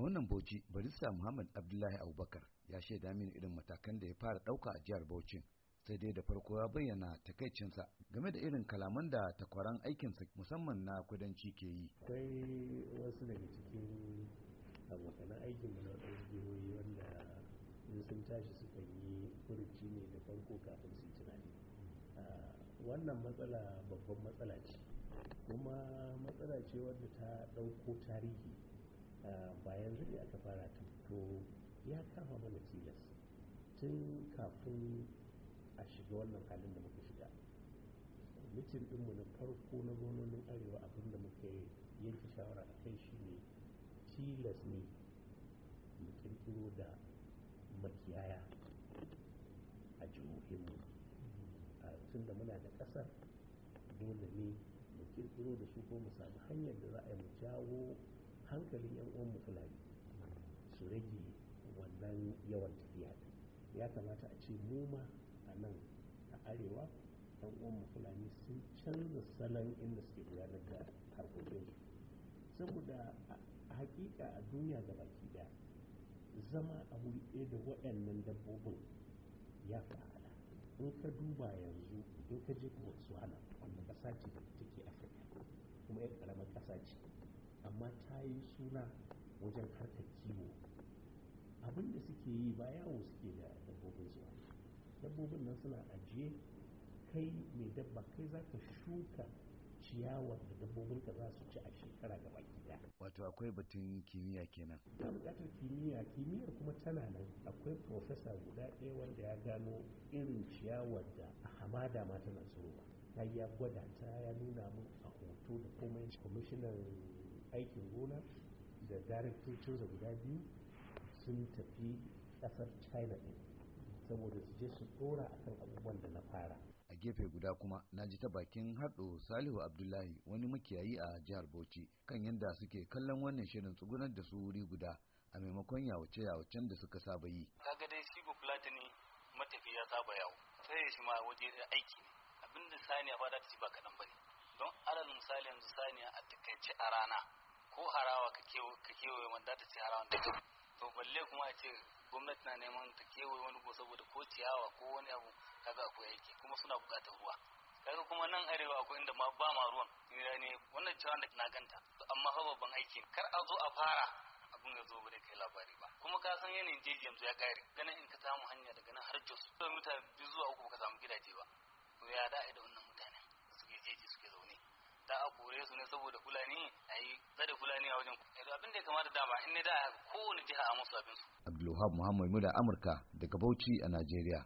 Gwamnan Bauchi Barista Muhammad Abdullahi Abubakar ya shaida mini irin matakan da ya fara ɗauka a jihar Bauchi. Sai dai da farko ya bayyana takaicinsa game da irin kalaman da takwaran aikinsa musamman na kudanci ke yi. Akwai wasu daga cikin abokanan aikin na wadansu jihohi wanda sun tashi suka yi furuci ne da farko kafin su tunani. Ah, wannan matsala babban matsala ce, kuma matsala ce wadda ta ɗauko tarihi ba yanzu ne aka fara tun to ya kama mana tilas tun kafin a shiga wannan halin da muka shiga mitin ɗinmu na farko na gononin arewa abinda muke yanke shawara a kai shi ne tilas ne mu kirkiro da makiyaya a jihohinmu tun da muna da ƙasar dole ne mu kirkiro da su ko mu samu hanyar da za a yi mu jawo hankalin yan uwan fulani su rage wannan yawan tafiya ya kamata a ce mu ma a nan a arewa yan uwan fulani sun canza salon inda suke gudanar da harkokin saboda a hakika a duniya ga baki daya zama a wuri da waɗannan dabbobin ya fa'ala in ka duba yanzu in ka je botswana wanda ƙasa ce da take afirka kuma ya ƙaramar ƙasa ce amma ta yi suna wajen harkar kiwo abin da suke yi ba yawo suke da dabbobin su dabbobin nan suna ajiye kai mai dabba kai za ka shuka ciyawa da dabbobin ka za su ci a shekara ga baki daya wato akwai batun kimiyya kenan ta bukatar kimiyya kimiyyar kuma tana nan akwai profesa guda ɗaya wanda ya gano irin ciyawar da a hamada ma tana ta ya gwada ta ya nuna mun a hoto da komai kwamishinan aikin gona da da guda biyu sun tafi kasar china din saboda su je su dora akan abubuwan da na fara a gefe guda kuma na ji ta bakin haɗo salihu abdullahi wani makiyayi a jihar bauchi kan yadda suke kallon wannan shirin tsugunar da su wuri guda a maimakon yawace yawacen da suka saba yi kaga dai sigo platini fulatani matafiya saba yawo sai shi ma waje aiki abinda saniya ba za ta ci ba kaɗan ba ne misali yanzu saniya a takaice a rana ko harawa ka kewaye wanda ta ce harawa duka to balle kuma a ce gwamnati na neman ta kewaye wani ko saboda ko ciyawa ko wani abu kaga akwai aiki kuma suna buƙatar ruwa kaga kuma nan arewa akwai inda ma ba ma ruwan ne wannan ciyawa da na ganta amma fa babban aiki kar a zo a fara abin ya zo ba kai labari ba kuma ka san yanayin jeji yanzu ya kare ganin in ka samu hanya daga nan har jos to biyu zuwa uku ka samu gidaje ba to ya da'a da wannan mutane ne saboda fulani a yi tsada fulani a wajen yanzu abin da ya kamata dama in ne da kowane jiha a musu abin su. Abdulwahab Muhammad Mura Amurka daga Bauchi a Najeriya.